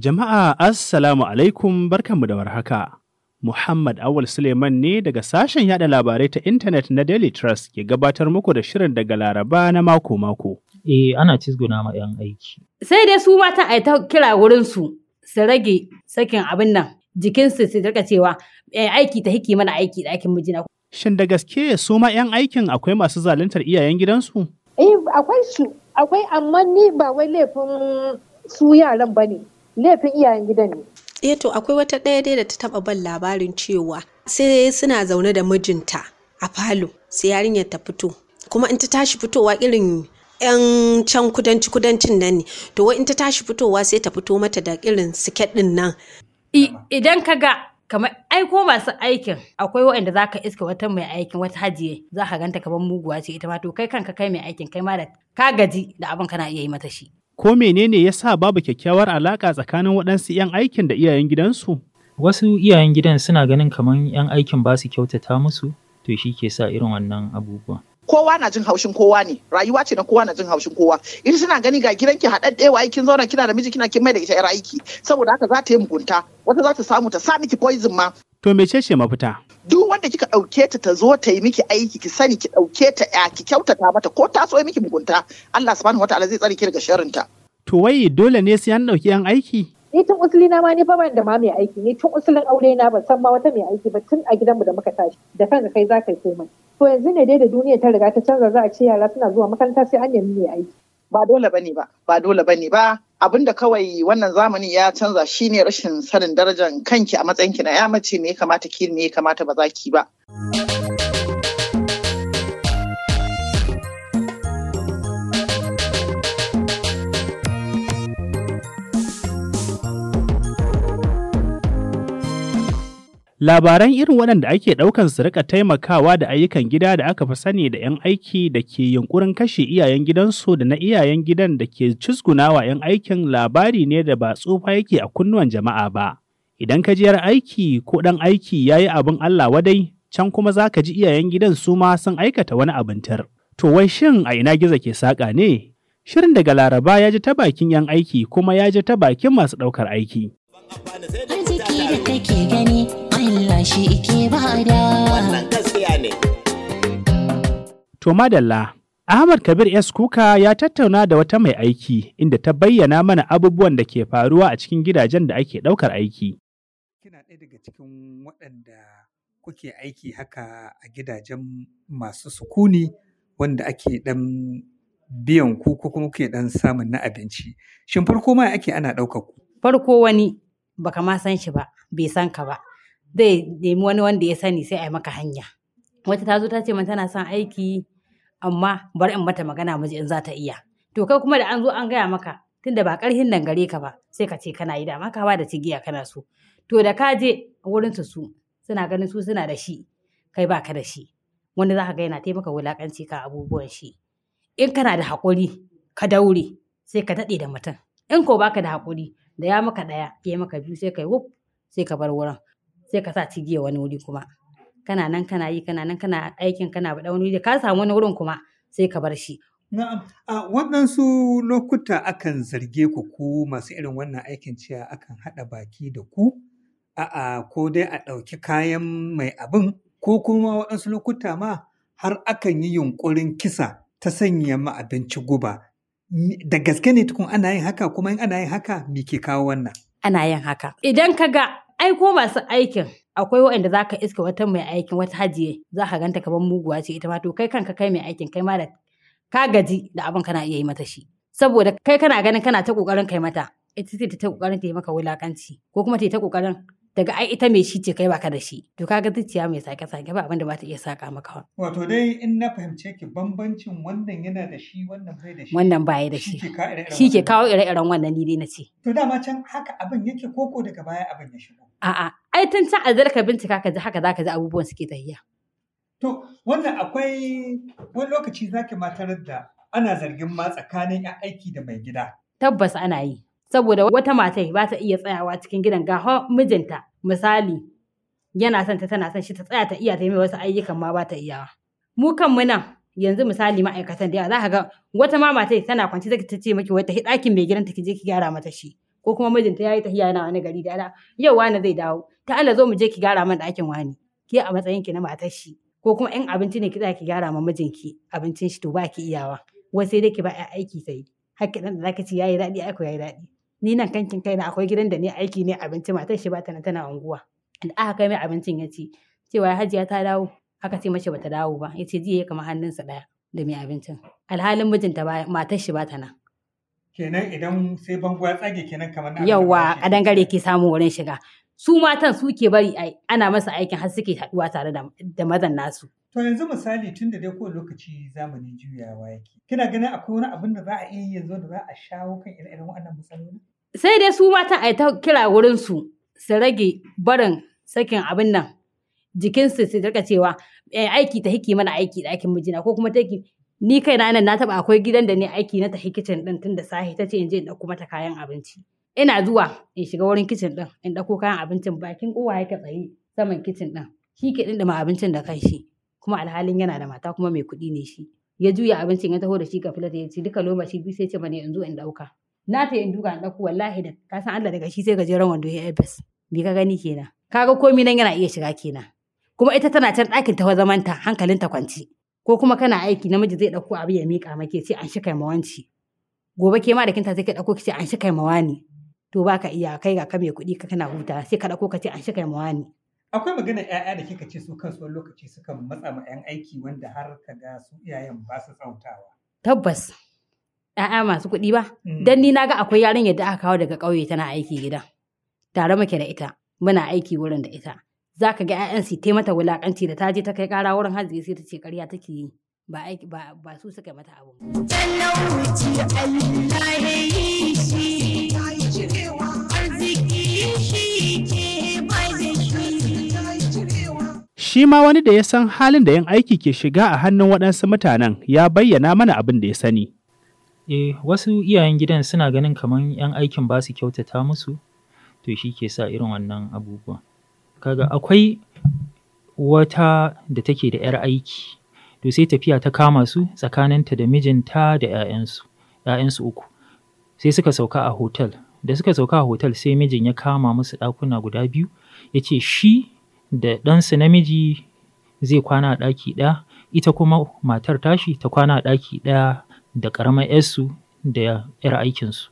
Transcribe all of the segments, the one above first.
Jama'a Assalamu alaikum barkanmu da warhaka. Muhammad Awul Suleiman ne daga sashen yada labarai ta intanet na Daily Trust ke gabatar muku da shirin daga Laraba na mako-mako. Eh ana cizguna ma 'yan aiki. Sai dai su mata a ta kira wurin su su rage sakin abin nan jikinsu su rika cewa eh, aiki ta hiki mana aiki da aikin mijina. Shin da gaske su ma 'yan aikin akwai masu zaluntar iyayen gidansu? Eh akwai su akwai amma ni ba wai laifin su yaran ba ne. laifin iyayen gidan ne eh to akwai wata ɗaya dai da ta taɓa ban labarin cewa sai suna zaune da mijinta a falo sai yarinyar ta fito kuma in ta tashi fitowa irin yan can kudanci kudancin nan ne to wai in ta tashi fitowa sai ta fito mata da irin siket din nan idan ka ga kamar aiko masu aikin akwai waɗanda za ka iska wata mai aikin wata hajiye za ka ganta kamar muguwa ce ita ma to kai kanka kai mai aikin kai ma da ka gaji da abin kana iya yi mata shi ko menene ya sa babu kyakkyawar alaƙa tsakanin waɗansu 'yan aikin da iyayen gidansu? Wasu iyayen gidan suna ganin kamar 'yan aikin ba su kyautata musu, to shi ke sa irin wannan abubuwa. Kowa na jin haushin kowa ne, rayuwa ce na kowa na jin haushin kowa. In suna gani ga gidanki haɗaɗɗe wa kin zauna kina da miji kina kin mai da ita 'yar aiki, saboda haka za ta yi mugunta, wata za ta samu ta sa miki poison ma. To mece ce mafita? Duk wanda kika ɗauke ta ta zo ta yi miki aiki ki sani ki ɗauke ta ya ki kyautata mata ko ta so yi miki mugunta Allah subhanahu wataala zai tsare ki daga sharrinta. To wai dole ne sai an ɗauki yan aiki? Ni tun usuli na ma ni ba da ma mai aiki ni tun usulin aure na ban san ma wata mai aiki ba tun a gidanmu da muka tashi da kanka kai za ka yi komai. To yanzu ne dai da duniya ta riga ta canza za a ce yara suna zuwa makaranta sai an yi mai aiki. ba dole ba ne ba ba dole ba ne ba abin da kawai wannan zamani ya canza shine rashin sanin darajar kanki a matsayinki na ya mace me ya kamata ki me ya kamata ba za ki ba. Labaran irin waɗanda ake ɗaukan su rika taimakawa da ayyukan gida da aka fi sani da 'yan aiki da ke yunkurin kashe iyayen gidansu da na iyayen gidan da ke cizgunawa 'yan aikin labari ne da ba tsufa yake a kunnuwan jama'a ba. Idan ka jiyar aiki ko ɗan aiki ya yi abin Allah wadai, can kuma za ka ji iyayen gidan su ma sun aikata wani abintar. To wai shin a ina gizo ke saƙa ne? Shirin daga Laraba ya ji ta bakin 'yan aiki kuma ya ji ta bakin masu ɗaukar aiki. shi To madalla, Ahmad Kabir S. Kuka ya tattauna da wata mai aiki inda ta bayyana mana abubuwan da ke faruwa a cikin gidajen da ake ɗaukar aiki. Kina ɗaya daga cikin waɗanda kuke aiki haka a gidajen masu sukuni wanda ake ɗan biyan ku ko kuma kuke ɗan samun na abinci. Shin farko ma ake ana ɗaukar ku? Farko wani baka ma san shi ba, bai san ka ba. zai nemi wani wanda ya sani sai a yi maka hanya wata ta zo ta ce min tana son aiki amma bari in mata magana miji in za ta iya to kai kuma da an zo an gaya maka tunda ba karhin nan gare ka ba sai ka ce kana yi dama ka ba da cigiya kana so to da ka je wurin su su suna ganin su suna da shi kai ba ka da shi wani za ka ga yana taimaka wulakanci ka abubuwan shi in kana da haƙuri ka daure sai ka daɗe da mutum in ko baka da haƙuri da ya maka ɗaya ya maka biyu sai ka yi wuf sai ka bar wurin sai ka sa cigiya wani wuri kuma kana nan kana yi kana nan kana aikin kana bada wani wuri ka samu wani wurin kuma sai ka bar shi Na'am, waɗansu lokuta akan zarge ku ku masu irin wannan aikin cewa akan haɗa baki da ku, a'a ko dai a ɗauki kayan mai abin ko kuma waɗansu lokuta ma har akan yi yunƙurin kisa ta sanya ma abinci guba. Da gaske ne tukun ana yin haka kuma in ana yin haka me ke kawo wannan? Ana yin haka. Idan ka ga ai ko masu aikin akwai waɗanda za ka iska wata mai aikin wata hajiye za ka ganta kamar muguwa ce ita ma to kai kanka kai mai aikin kai ma da ka gaji da abin kana iya yi mata shi saboda kai kana ganin kana ta kokarin kai mata ita ce ta kokarin ta yi maka wulakanci ko kuma ta yi ta kokarin daga ai ita mai shi ce kai baka da shi to kaga zuciya mai sake sake ba abinda ba ta iya saka maka wa wato dai in na fahimce ki bambancin wannan yana da shi wannan bai da shi wannan baya da shi shi ke kawo ire-iren wannan ni dai na ce to dama can haka abin yake koko daga baya abin ya shigo a'a ai tun can a zarka bincika ka ji haka zaka ji abubuwan suke tahiya to wannan akwai wani lokaci zaki ma tarar da ana zargin ma tsakanin aiki da mai gida tabbas ana yi saboda wata matai ba ta iya tsayawa cikin gidan ga mijinta misali yana son ta tana son shi ta tsaya ta iya ta yi wasu ayyukan ma ba ta iyawa mu kan mu nan yanzu misali ma'aikatan da yawa za ka ga wata ma matai tana kwance zaki ta ce miki wata ɗakin mai gidan ta ki je ki gyara mata shi ko kuma mijinta yayi tafiya yana wani gari da yau wani zai dawo ta Allah zo mu je ki gyara man ɗakin wani ke a matsayin ki na matar shi ko kuma in abinci ne ki za ki gyara ma mijinki abincin shi to ba ki iyawa wai sai dai ki ba aiki sai hakki dan da ka ci yayi daɗi aiko yayi daɗi ni nan kankin kaina akwai gidan da ni aiki ne abinci matar shi bata nan tana unguwa da aka kai mai abincin ya ci cewa hajiya ta dawo aka ce mashi bata dawo ba ya ce jiya ya kama hannunsa daya da mai abincin alhalin mijinta matar shi bata nan kenan idan sai bango ya tsage kenan kamar na yawa a dangare ke samu wurin shiga su matan suke bari ana masa aikin har suke haɗuwa tare da mazan nasu. To yanzu misali tun da dai kowane lokaci zamanin juyawa yake. Kina ganin akwai wani abin da za a iya yanzu da za a shawo kan irin waɗannan matsaloli? Sai dai su mata a ta kira wurin su su rage barin sakin abin nan jikinsu su rika cewa eh, aiki ta hiki mana aiki da aikin mijina ko kuma ta ni kai na nan na taba akwai gidan da ne aiki na ta hikicin din tun da sahi ta ce in je in ɗauko mata kayan abinci. ina zuwa in shiga wurin kicin ɗin in ɗauko kayan abincin bakin kowa yake tsaye saman kicin ɗin shi ke ɗinɗima abincin da kanshi kuma alhalin yana da mata kuma mai kuɗi ne shi ya juya abincin ya taho da shi ka filata ya ci duka lokaci biyu sai ce ne, in zo in ɗauka na ta in duka in ɗauko wallahi da ka san Allah daga shi sai gajeren wando ya ebes bi ka gani kenan Ka ga komi nan yana iya shiga kenan kuma ita tana can ɗakin ta zamanta ta kwanci ko kuma kana aiki namiji zai ɗauko abu ya miƙa maka ce an shi kai mawanci gobe ke ma da kinta sai ka ɗauko ki ce an shi kai mawani to baka iya kai ga kame kuɗi ka kana huta sai ka ɗauko ka ce an shiga kai ne. akwai magana 'ya'ya da kika ce su kansu wani lokaci sukan matsa ma 'yan aiki wanda har ka ga su iyayen ba su tsautawa. Tabbas, 'ya'ya masu kuɗi ba, mm. dan ni na ga akwai yarinyar yadda aka kawo daga ƙauye tana aiki gida. Tare muke da ita, muna aiki wurin da ita. Za ka ga 'ya'yan su taimata wulaƙanci da ta je ta kai ƙara wurin hajji sai ta ce ƙarya take yi. ba ba ba su suka mata abu shi ma wani da ya san halin da yin aiki ke shiga a hannun waɗansu mutanen ya bayyana mana abin da ya sani. Eh wasu iyayen gidan suna ganin kamar 'yan aikin ba su kyautata musu, to shi ke sa irin wannan abubuwa. Kaga akwai wata da take da 'yar aiki, to sai tafiya ta kama su tsakaninta da mijinta da 'ya'yansu ‘ya'yansu uku sai suka sauka a hotel da suka sauka a hotel sai mijin ya kama musu ɗakuna guda biyu ya ce shi da ɗansa namiji zai kwana a ɗaki ɗaya ita kuma matar tashi ta kwana a ɗaki ɗaya da ƙaramar 'yarsu da 'yar aikinsu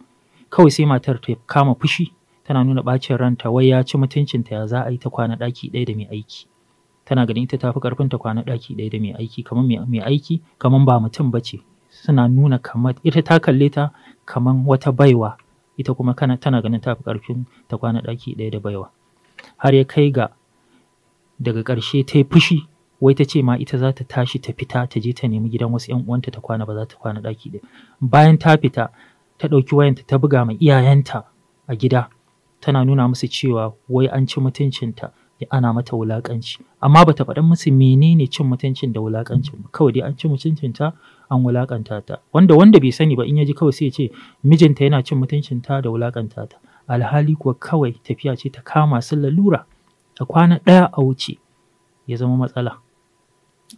kawai sai matar ta kama fushi tana nuna ɓacin ranta wai ya ci mutuncinta ya za a yi ta kwana ɗaki ɗaya da mai aiki tana ganin ita tafi karfin ta kwana ɗaki ɗaya da mai aiki kaman mai aiki kamar ba mutum bace suna nuna kamar ita ta kalle ta kamar wata baiwa ita kuma kana tana ganin tafi karfin ta kwana ɗaki ɗaya da baiwa har ya kai ga daga ƙarshe ta yi fushi wai ta ce ma ita za ta tashi ta fita ta je ta nemi gidan wasu 'yan uwanta ta kwana ba za ta kwana ɗaki ɗaya bayan ta fita ta ɗauki wayanta ta buga ma iyayenta a gida tana nuna musu cewa wai an ci mutuncinta ana mata wulakanci amma bata faɗin musu menene cin mutuncin da wulakancin ba kawai dai an ci mutuncin ta an wulakanta ta wanda wanda bai sani ba in yaji kawai sai ya ce mijinta yana cin mutuncin ta da wulakanta ta alhali kuwa kawai tafiya ce ta kama su lalura a kwana ɗaya a wuce ya zama matsala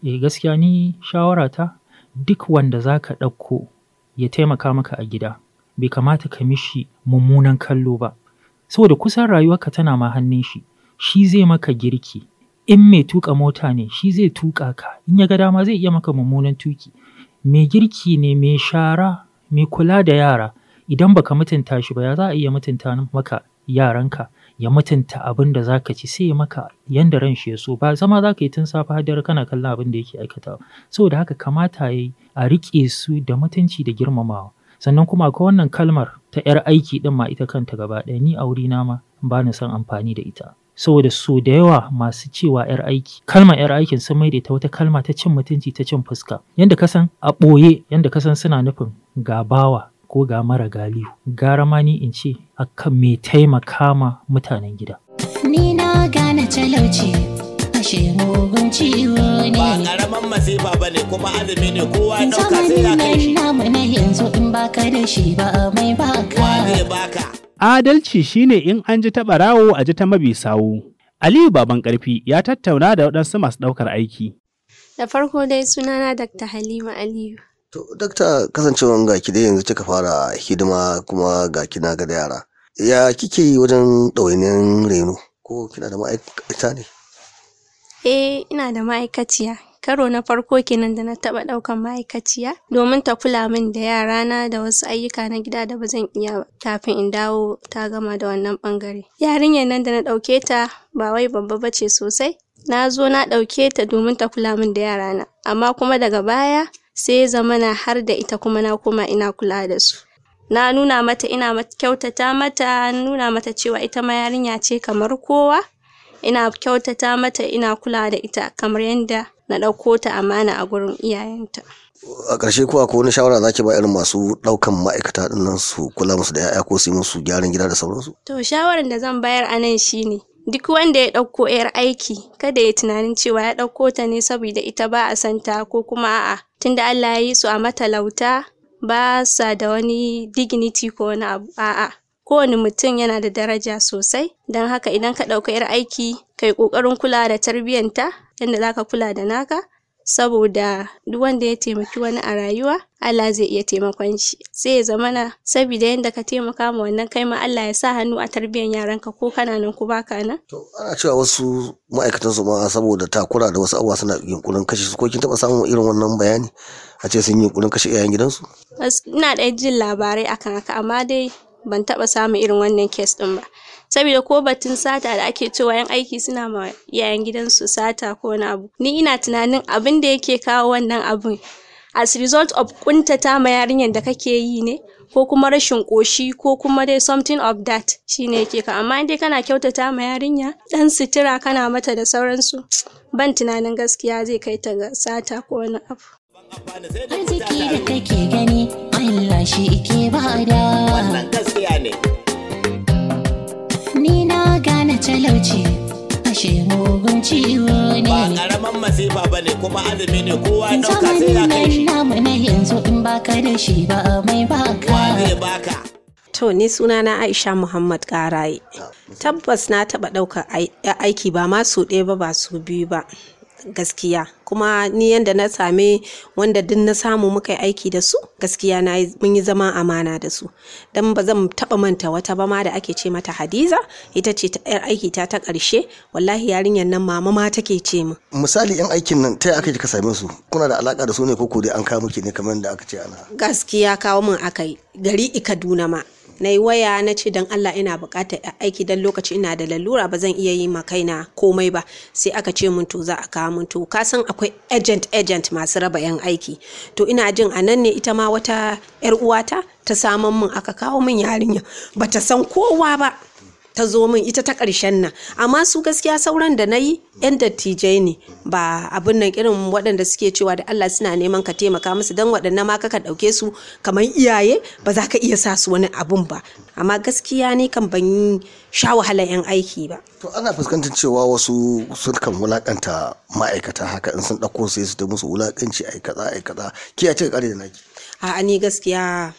e gaskiya ni shawara ta duk wanda za ka ɗauko ya taimaka maka a gida bai kamata ka mishi mummunan kallo ba saboda kusan rayuwarka tana ma hannun shi shi zai maka girki in mai tuka mota ne shi zai tuka ka in ya ga dama zai iya maka mummunan tuki mai girki ne mai shara mai kula da yara idan baka mutunta shi ba ya za a iya mutunta maka yaranka ya mutunta abin da za ka ci sai ya maka yanda ran shi ya so ba zama za ka yi tun safe har kana kallon abin da yake aikata saboda haka kamata ya a riƙe su da mutunci da girmamawa sannan kuma akwai wannan kalmar ta 'yar aiki ɗin ma ita kanta gaba ɗaya ni a na ma ba ni son amfani da ita saboda su da yawa masu cewa 'yar aiki kalmar 'yar aikin sun maida ta wata kalma ta cin mutunci ta cin fuska yanda kasan a ɓoye yanda kasan suna nufin ga bawa ko ga mara galihu gara ma ni in ce akan me taimaka ma mutanen gida ni na gane talauci ashe mugun ciwo ne ba karaman masifa ba ne kuma azumi ne kowa dauka sai ya kai shi zamanin namu na yanzu in baka da shi ba mai baka wa zai baka Adalci shine in an ji ta ɓarawo a ji ta mabi sawu. Aliyu Baban Ƙarfi ya tattauna da waɗansu masu ɗaukar aiki. Da farko dai sunana Dr. Halima Aliyu. To, Dakta kasancewan ga ki dai yanzu kika fara hidima kuma ga kina ga yara. Ya kike yi wajen ɗawainiyar reno ko kina da ma'aikata ne? Eh, ina da ma'aikaciya. Karo na farko kenan da na taɓa ɗaukan ma'aikaciya domin ta kula min da yarana da wasu ayyuka na gida da ba zan iya ba kafin in dawo ta gama da wannan ɓangare. Yarinyar nan da na ɗauke ta ba wai babba bace sosai, na zo na ɗauke ta domin ta kula min da yarana, amma kuma daga baya sai zamana har da ita kuma na koma ina kula da su. Na nuna mata ina kyautata mata, nuna mata cewa ita ma yarinya ce kamar kowa. ina kyautata mata ina kula da ita kamar yadda na ɗauko ta amana a gurin iyayenta a ƙarshe kuwa, ko wani shawara zaki ba irin masu ɗaukan ma'aikata nan su kula musu da 'ya'ya ko su yi musu gyaran gida da sauransu to shawaran da zan bayar a nan shine duk wanda ya ɗauko 'yar aiki kada ya tunanin cewa ya ɗauko ta ne saboda ita ba a santa ko kuma a'a tunda Allah ya yi su a matalauta ba sa da wani dignity ko wani abu a'a kowane mutum yana da daraja sosai don haka idan ka ɗauka 'yar aiki kai ƙoƙarin kula da tarbiyyanta yadda za ka kula da naka saboda duk wanda ya taimaki wani a rayuwa Allah zai iya taimakon shi sai ya zama na saboda yadda ka taimaka ma wannan kai ma Allah ya sa hannu a tarbiyyar yaranka ko kana nan ko baka nan to ana cewa wasu ma'aikatan su ma saboda takura da wasu abubuwa suna yunkurin kashe su ko kin taba samun irin wannan bayani a ce sun yi yunkurin kashe iyayen gidansu ina ɗaya jin labarai akan haka amma dai ban taɓa samun irin wannan kes ɗin ba saboda ko batun sata da ake cewa yan aiki suna ma iyayen gidansu sata ko wani abu ni ina tunanin abin da yake kawo wannan abun as result of kuntata ma yarinyar da kake yi ne ko kuma rashin ƙoshi ko kuma dai something of that shine yake ka amma dai kana kyautata ma yarinya dan sitira kana mata da sauransu ban tunanin gaskiya zai kai ta ga sata ko wani abu Arziki da kake gani Allah shi ike bada. Wannan gaskiya ne. Ni na gane talauci ashe mugun ciwo ne. Ba karaman masifa ba ne kuma azumi ne kowa ɗauka sai ya kai shi. namu na yanzu in baka da shi ba mai baka. Wa zai baka? To ni sunana Aisha Muhammad Karaye. Tabbas na taɓa ɗaukar aiki ba ma su ɗaya ba ba su biyu ba. gaskiya kuma ni yadda na same wanda duk na samu muka aiki da su gaskiya na mun yi zama amana da su dan ba zan taba manta wata ba ma da ake ce mata hadiza ita ce ta yar aiki ta ta karshe wallahi yarinyar nan mama ma take ce min misali yan aikin nan ta aka ka same su kuna da alaka da su ne ko dai an kawo miki ne kamar da aka ce ana gaskiya kawo min akai gari ikaduna ma na yi waya na ce don Allah ina buƙatar aiki don lokaci ina da lalura ba zan iya yi ma kaina komai ba sai aka ce mun to za a kawo mun to ka san akwai agent agent masu raba yan aiki to ina jin a nan ne ita ma wata yar uwata ta saman mun aka kawo mun yarinya bata san kowa ba ta zo min ita ta karshen nan amma su gaskiya sauran da na yi yan dattijai ne ba abin nan irin waɗanda suke cewa da Allah suna neman ka taimaka musu don waɗannan ma kaka ɗauke su kamar iyaye ba za ka iya sa su wani abun ba amma gaskiya ne kan ban yi sha wahala yan aiki ba. to ana fuskantar cewa wasu sun kan wulakanta ma'aikata haka in sun ɗauko sai su da musu wulakanci aikata-aikata ki a cika da naki. a'a ni gaskiya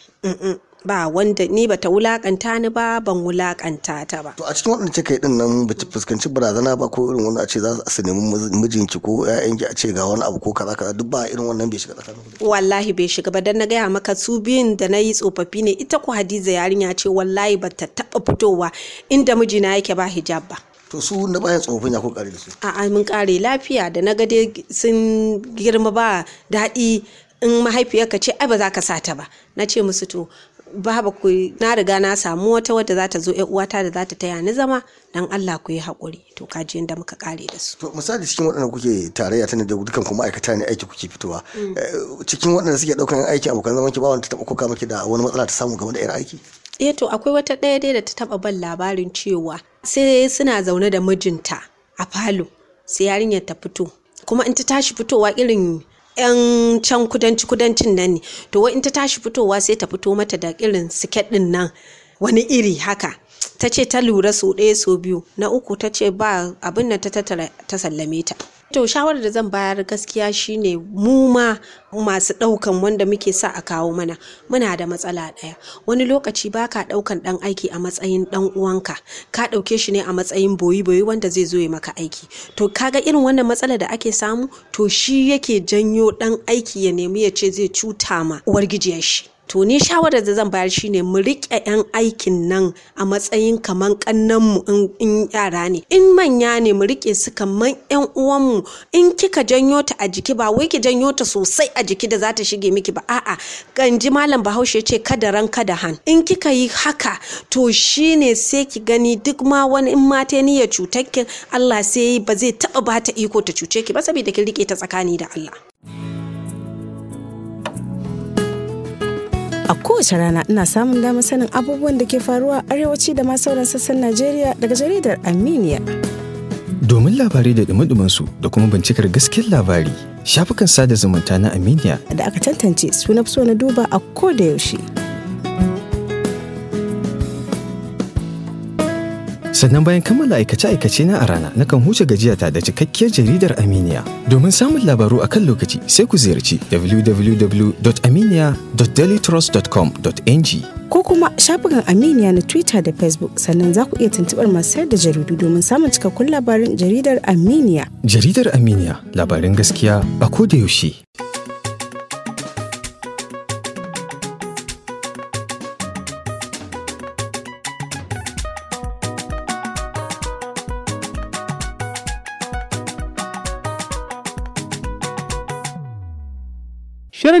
ba wanda ni bata wulakanta ni ba ban wulakanta ta ba to a cikin wannan kika din nan ta fuskanci barazana ba ko irin wani a ce za su nemi mijinki ko ki a ce ga wani abu ko kaza kaza duk ba irin wannan bai shiga tsakanin wallahi bai shiga ba dan na gaya maka su biyun da na yi tsofaffi ne ita ko Hadiza yarinya ce wallahi bata taba fitowa inda mijina yake ba hijab ba to su na bayan tsofaffin ya ko kare su a'a mun kare lafiya da na ga dai sun girma ba daɗi in mahaifiyarka ce ai ba za ka sata ba na ce musu to babu ku na riga na samu wata wadda za ta zo ya uwata da za ta taya ni zama dan Allah ku yi haƙuri to ka ji inda muka kare da su to misali cikin waɗanda kuke tarayya ne da dukkan kuma aikata ne aiki kuke fitowa mm. eh, cikin waɗanda suke ɗaukan aiki abokan zaman ki ba wanda ta taɓa kuka miki da wani matsala ta samu game da irin aiki eh to akwai wata ɗaya dai da ta taɓa ban labarin cewa sai suna zaune da mijinta a falo sai yarinyar ta fito kuma in ta tashi fitowa irin 'yan can kudanci kudancin nan ne to wa in ta tashi fitowa sai ta fito mata da irin siket din nan wani iri haka ta ce ta lura sau ɗaya sau biyu na uku ta ce ba abin nan ta tattara ta sallame ta to shawarar da zan bayar gaskiya shine mu ma masu ɗaukan wanda muke sa a kawo mana muna da matsala ɗaya wani lokaci ba ka ɗaukan ɗan aiki a matsayin ɗan uwanka ka ɗauke shi ne a matsayin boyi boyi wanda zai zo ya maka aiki to kaga irin wannan matsala da ake samu to shi yake janyo ɗan aiki ya nemi ya ce zai cuta ma uwargijiyar shi to ni shawarar da zan bayar shine mu riƙe 'yan aikin nan a matsayin kaman ƙannanmu in yara ne in manya ne mu riƙe su kaman 'yan uwanmu in kika janyo ta a jiki ba wai ki janyo ta sosai a jiki da za ta shige miki ba a'a ji malam bahaushe ce kada ran kada han in kika yi haka to shine sai ki gani duk ma wani in ma ta cutar ki Allah sai ba zai taɓa ba ta iko ta cuce ki ba saboda kin riƙe ta tsakani da Allah. kowace rana ina samun damar sanin abubuwan da ke faruwa arewaci da ma sauran sassan Najeriya daga jaridar Aminiya. Domin labarai da dumi su da kuma bincikar gaskiyar labari, shafukan sada zumunta na Aminiya da aka tantance suna so na duba a ko da yaushe. sannan bayan kammala aikace-aikace na a rana nakan huce gajiyata da cikakkiyar jaridar aminiya domin samun labaru a kan lokaci sai ku ziyarci www.aminiya.dailytrust.com.ng ko kuma shafukan aminiya na twitter da facebook sannan za ku iya tuntubar masu sayar da jaridu domin samun cikakkun labarin jaridar aminiya jaridar aminiya labarin gaskiya a da yaushe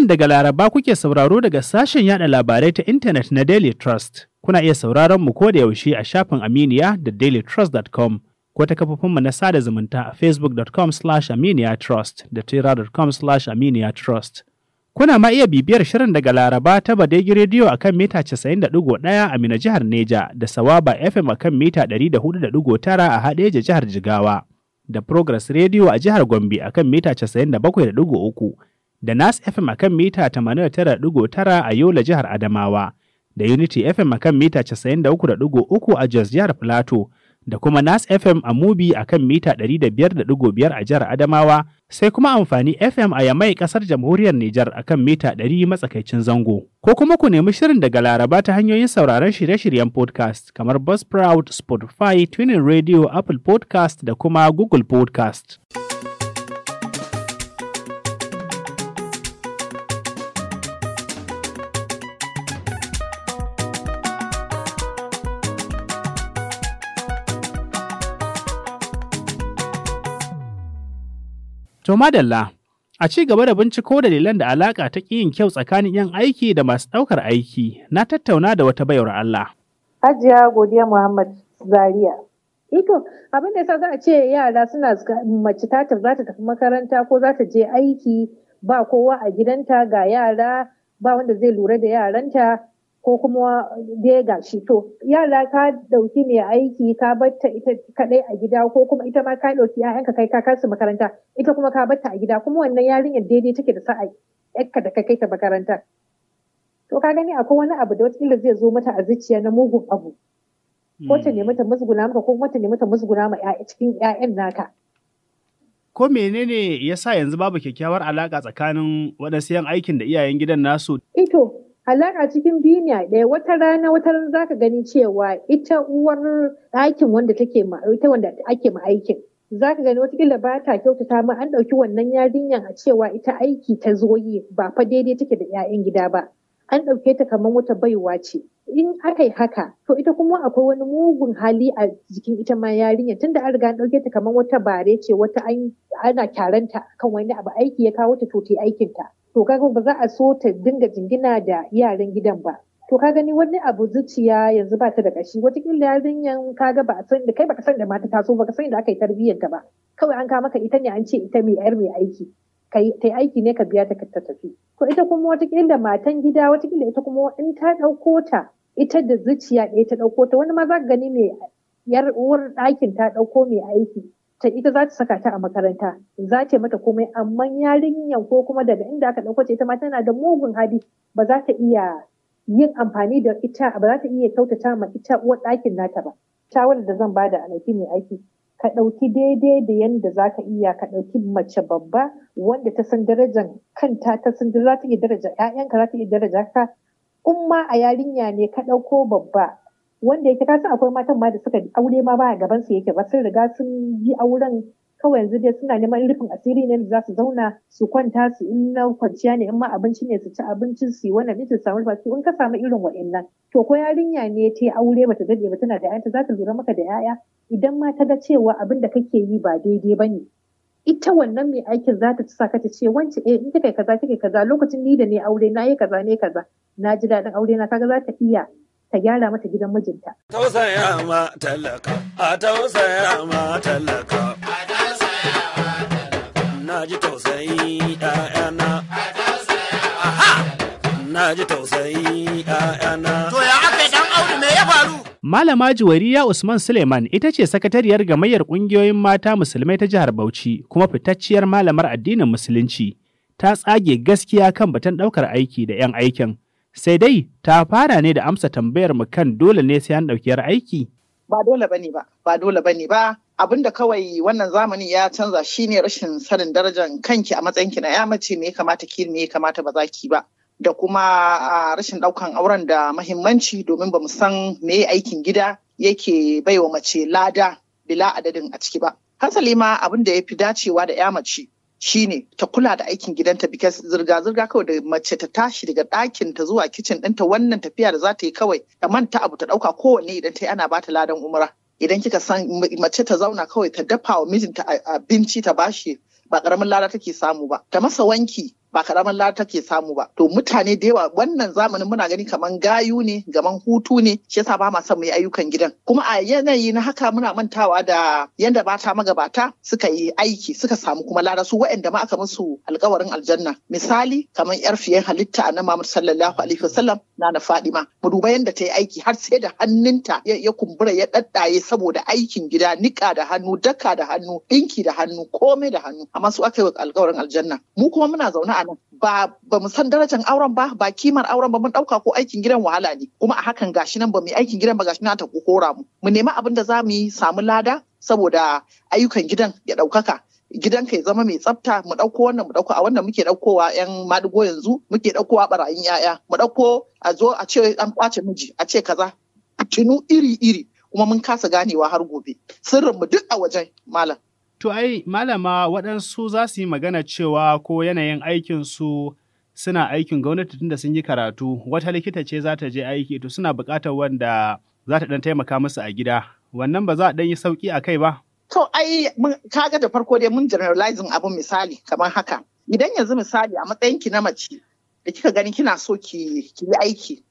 Shirin daga Laraba kuke sauraro daga sashen yada labarai ta intanet na Daily Trust. Kuna iya sauraron mu ko da yaushe a shafin Aminiya da dailytrust.com ko ta kafofinmu na sada zumunta a facebook.com aminiyatrust da twittercom aminiyatrust. Kuna ma iya bibiyar shirin daga Laraba ta Badegi Radio a kan mita 90.1 a Mina jihar Neja da Sawaba FM a kan mita 104.9 a Hadeja jihar Jigawa da Progress Radio a jihar Gombe a kan mita 97.3 da Nas FM a kan mita 89.9 a Yola jihar Adamawa, da Unity FM a kan mita 93.3 a Jos jihar Filato, da kuma Nas FM a Mubi a kan mita 105.5 a jihar Adamawa, sai kuma amfani FM a Yamai kasar jamhuriyar Nijar a kan mita 100 matsakaicin zango. Ko kuma ku nemi shirin daga Laraba ta hanyoyin sauraron shirye-shiryen podcast kamar Buzzsprout, Spotify, twinning Radio, Apple Podcast da kuma Google Podcast. To madalla, a ci gaba da binciko dalilan da alaƙa ta ƙiyin kyau tsakanin 'yan aiki da masu ɗaukar aiki, na tattauna da wata bayar Allah. Hajiya Godiya Muhammad Zaria. Iko, eh abin da sa za a ce yara suna mace ta za ta tafi makaranta ko za ta je aiki ba kowa a gidanta ga yara ba wanda zai lura da yaranta ko kuma dai ga shi to yara ka dauki mai aiki ka batta ita kadai a gida ko kuma ita ma ka dauki ƴaƴanka kai ka kasu makaranta ita kuma ka batta a gida kuma wannan yarinyar daidai take da sa'a ka da ka kai ta makaranta to ka gani akwai wani abu da wata zai zo mata a zuciya na mugun abu ko ta nemi ta musguna maka ko kuma ta nemi ta musguna ma cikin ƴaƴan naka ko menene yasa yanzu babu kyakkyawar alaka tsakanin waɗansu yan aikin da iyayen gidan nasu ito eh a cikin duniya ɗaya wata rana wata rana za ka gani cewa ita uwar ɗakin wanda take ita wanda ake ma aikin. Za ka gani watakila ba ta kyautata ma an ɗauki wannan yarinyar a cewa ita aiki ta zo yi ba fa daidai take da 'ya'yan gida ba. An ɗauke ta kamar wata baiwa ce. In aka yi haka, to ita kuma akwai wani mugun hali a jikin ita ma yarinyar tunda an riga an ɗauke ta kamar wata bare ce wata ana kyaranta kan wani abu aiki ya kawo ta to ta aikinta. to kaga ba za a so ta dinga jingina da yaran gidan ba to ka gani wani abu zuciya yanzu ba ta da kashi wataƙila yarinyan kaga ba san da kai baka san da mata ta so baka san da aka yi tarbiyyar ta ba kawai an ka maka ita ne an ce ita mai yar mai aiki kai ta aiki ne ka biya ta ta tafi to ita kuma wataƙila matan gida wataƙila ita kuma in ta ɗauko ta ita da zuciya ɗaya ta ɗauko ta wani ma za ka gani mai yar uwar ɗakin ta ɗauko mai aiki ta ita za ta saka ta a makaranta za ta mata komai amma yarinyar ko kuma daga inda aka ɗauko ta ita ma tana da mugun hali ba za ta iya yin amfani da ita ba za ta iya kyautata ma ita uwar ɗakin nata ba shawarar da zan ba da ɗauki mai aiki ka ɗauki daidai da yadda za ka iya ka ɗauki mace babba wanda ta san darajar kanta ta san za ta iya daraja 'ya'yanka za ta iya daraja ka umma a yarinya ne ka ɗauko babba wanda yake kasan akwai matan ma da suka aure ma ba gaban su yake ba sun riga sun yi auren kawai yanzu dai suna neman rufin asiri ne da za su zauna su kwanta su in na kwanciya ne in ma abinci ne su ci abincin su yi wannan su samu ba in ka samu irin wa'annan to ko yarinya ne ta aure bata dade ba tana da ƴaƴanta za ta lura maka da ƴaƴa idan ma ta ga cewa abin da kake yi ba daidai ba ne ita wannan mai aikin za ta saka ta ce wance eh in kika kaza kika kaza lokacin ni da ne aure na yi kaza ne kaza na ji daɗin aure na kaga za ta iya ta gyara mata gidan mijinta. Tausaya ma ya Malama Juwariya Usman Suleiman ita ce sakatariyar gamayyar ƙungiyoyin mata musulmai ta jihar Bauchi kuma fitacciyar malamar addinin Musulunci. Ta tsage gaskiya kan batun ɗaukar aiki da 'yan aikin. Sai dai ta fara ne da amsa tambayar mu kan dole ne sai an ɗaukiyar aiki. Ba dole bane ba, ba dole bane ba. Abin da kawai wannan zamani ya canza shi ne rashin sanin darajar kanki a matsayinki na ya mace me ya kamata ki me kamata ba za ki ba. da kuma rashin ɗaukan auren da mahimmanci domin ba mu san me aikin gida yake baiwa mace lada bila adadin a ciki ba. Hasali ma abin da ya fi dacewa da ya mace shine ta kula da aikin gidanta bikas zirga-zirga kawai da mace ta tashi daga ɗakin ta zuwa kicin ɗinta wannan tafiya da za ta yi kawai ta manta abu ta ɗauka kowanne idan ta yi ana bata ladan umra idan kika san mace ta zauna kawai ta dafa wa mijinta abinci ta bashi ba ƙaramin lada take samu ba ta masa wanki ba karamar lara take samu ba to mutane da yawa wannan zamanin muna gani kaman gayu ne gaman hutu ne shi yasa ba ma son mu yi ayyukan gidan kuma a yanayi na haka muna mantawa da yanda bata magabata suka yi aiki suka samu kuma lara su waɗanda ma aka musu alkawarin aljanna misali kamar yar fiyen halitta annabi Muhammad sallallahu alaihi wasallam na na Fadima mu duba yanda ta yi aiki har sai da hannunta ya kumbura ya daddaye saboda aikin gida niƙa da hannu daka da hannu dinki da hannu komai da hannu amma su aka yi alkawarin aljanna mu kuma muna zaune a ba ba mu san darajar auren ba ba kimar auren ba mun dauka ko aikin gidan wahala ne kuma a hakan gashi nan ba mu aikin gidan ba gashi nan ta kokora mu mu nemi abin da za mu yi samu lada saboda ayyukan gidan ya daukaka gidan kai zama mai tsafta mu ɗauko wannan mu ɗauko a wannan muke daukowa yan madugo yanzu muke daukowa barayin yaya mu ɗauko a zo a ce an kwace miji a ce kaza tunu iri iri kuma mun kasa ganewa har gobe sirrin mu duk a wajen malam To ai, malama waɗansu za su yi magana cewa ko yanayin aikin su suna aikin gwamnati tunda sun yi karatu, wata likita ce za ta je aiki, to suna buƙatar wanda za ta ɗan taimaka musu a gida. Wannan ba za a ɗan yi sauƙi a kai ba? To ai, kaga da farko dai mun generalizing abu misali kamar haka. Idan yanzu misali a matsayinki na mace da kika gani kina so ki yi aiki,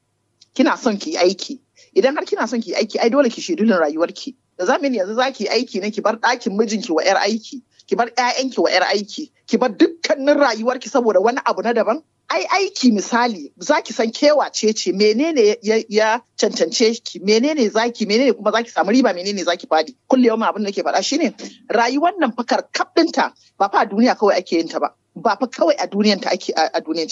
kina son ki aiki idan har kina son ki aiki ai dole ki shedulin rayuwarki da zamani yanzu za ki aiki ne ki bar ɗakin mijinki wa 'yar aiki ki bar 'ya'yanki wa 'yar aiki ki bar dukkanin rayuwarki saboda wani abu na daban ai aiki misali za ki san kewa ce ce menene ya, cancance ki menene za ki? menene kuma za ki samu riba menene ki fadi kullum yawan abin da ke faɗa shine rayuwar nan fakar kaf ba fa duniya kawai ake yin ta ba ba fa kawai a duniyan ta ake a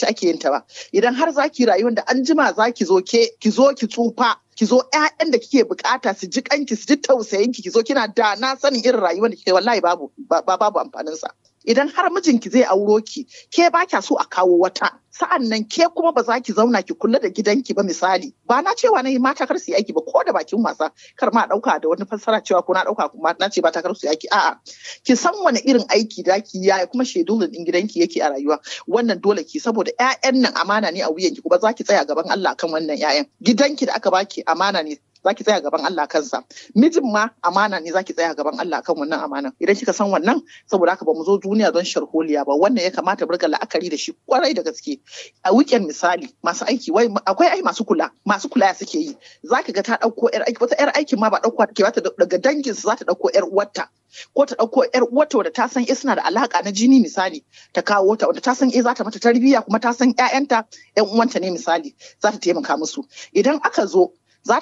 ake yin ta ba idan har zaki rayuwar da an jima zaki zo ke ki zo ki tsufa ki zo ƴaƴan da kike bukata su ji kanki su ji tausayin ki ki zo kina da na sanin irin rayuwar da kike wallahi babu babu amfanin sa idan har mijinki zai auro ki ke ba kya so a kawo wata sa'an nan ke kuma ba za ki zauna ki kula da gidanki ba misali ba na cewa na yi mata kar su aiki ba ko da bakin wasa kar ma dauka da wani fassara cewa ko na dauka kuma na ce ta kar su aiki a'a ki san wani irin aiki da ki yi kuma shedulin din gidanki yake a rayuwa wannan dole ki saboda ƴaƴan nan amana ne a wuyanki kuma za ki tsaya gaban Allah kan wannan ƴaƴan gidanki da aka baki amana ne Za ki tsaya gaban Allah kansa mijin ma amana ne za ki tsaya gaban Allah kan wannan amana idan kika san wannan saboda haka ba mu zo duniya don sharholiya ba wannan ya kamata burga la'akari da shi kwarai da gaske a weekend misali masu aiki wai akwai ai masu kula masu kula ya suke yi Za ki ga ta dauko yar aiki wata yar aikin ma ba dauko take ba ta daga dangin su za ta dauko yar uwarta ko ta dauko yar uwarta wanda ta san eh suna da alaka na jini misali ta kawo ta wanda ta san eh za ta mata tarbiyya kuma ta san ƴaƴanta yan uwanta ne misali za ta taimaka musu idan aka zo za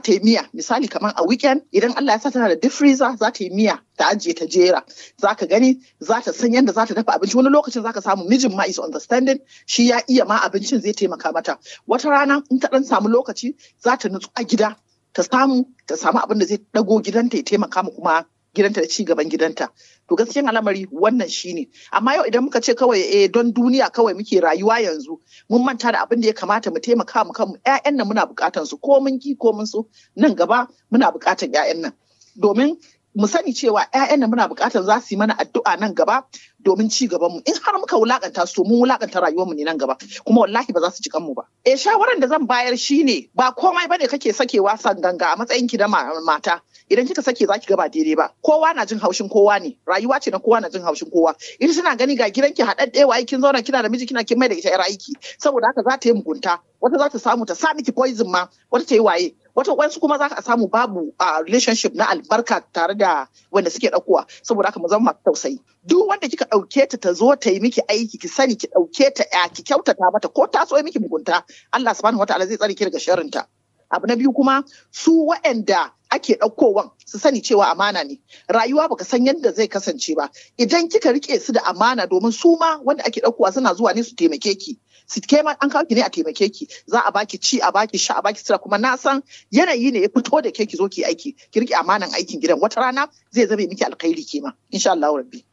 ta yi miya misali kamar a weekend idan Allah ya sa tana da deep freezer za ta yi miya ta ajiye ta jera za ka gani za ta san yadda za ta dafa abinci wani lokacin za ka samu mijin ma is understanding shi ya iya ma abincin zai taimaka mata wata rana in ta dan samu lokaci za ta nutsu a gida ta samu ta samu abin da zai dago gidanta ya taimaka mu kuma gidanta da ci gaban gidanta to gaskiyan al'amari wannan shine amma yau idan muka ce kawai eh don duniya kawai muke rayuwa yanzu mun manta da abin da ya kamata mu taimaka mu kanmu ƴaƴan nan muna bukatan su ko mun ki ko mun so nan gaba muna buƙatan ƴaƴan nan domin mu sani cewa ƴaƴan nan muna buƙatan za su yi mana addu'a nan gaba domin ci gaban mu in har muka wulakanta su mun wulakanta rayuwar mu ne nan gaba kuma wallahi ba za su ci kanmu ba E shawaran da zan bayar shine ba komai bane kake sake wasan ganga a matsayin ki da mata idan kika sake zaki gaba daidai ba kowa na jin haushin kowa ne rayuwa ce na kowa na jin haushin kowa ita suna gani ga gidan gidanki haɗaɗɗe waye kin zauna kina da miji kina kin mai da ita yar aiki saboda haka za ta yi mugunta wata za ta samu ta sa miki poison ma wata ta yi waye wato wasu kuma za ka samu babu a relationship na albarka tare da wanda suke ɗaukowa saboda haka mu zama masu tausayi duk wanda kika ɗauke ta ta zo ta yi miki aiki ki sani ki ɗauke ta ya ki kyautata mata ko ta so miki mugunta Allah subhanahu wataala zai tsare ki daga sharrin ta abu na biyu kuma su waɗanda ake ɗaukowan su sani cewa amana ne rayuwa baka san yadda zai kasance ba idan kika rike su da amana domin su ma wanda ake ɗaukowa suna zuwa ne su taimake ki su ke ma an kawo ki ne a taimake ki za a baki ci a baki sha a baki sira kuma na san yanayi ne ya fito da ke ki zo ki aiki ki rike amanan aikin gidan wata rana zai zabe miki alkhairi ke ma insha Allah rabbi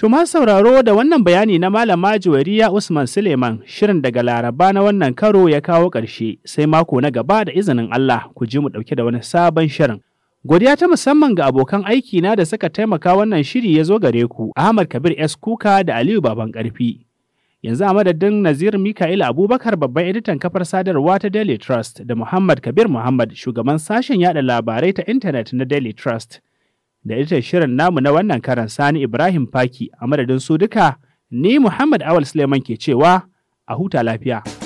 To sauraro da wannan bayani na Malama Juwariya Usman Suleiman shirin daga Laraba na wannan karo ya kawo ƙarshe sai mako na gaba da izinin Allah ku ji mu ɗauke da wani sabon shirin. Godiya ta musamman ga abokan aiki na da suka taimaka wannan shiri ya zo gare ku Ahmad Kabir S Kuka da Aliyu Baban Ƙarfi. Yanzu a madadin Nazir Mika'il Abubakar babban editan kafar sadarwa ta Daily Trust da Muhammad Kabir Muhammad shugaban sashen yada labarai ta intanet na Daily Trust. da ita shirin namu na wannan karan Sani Ibrahim Faki a madadin su duka ni Muhammad Awal Suleiman ke cewa a huta lafiya.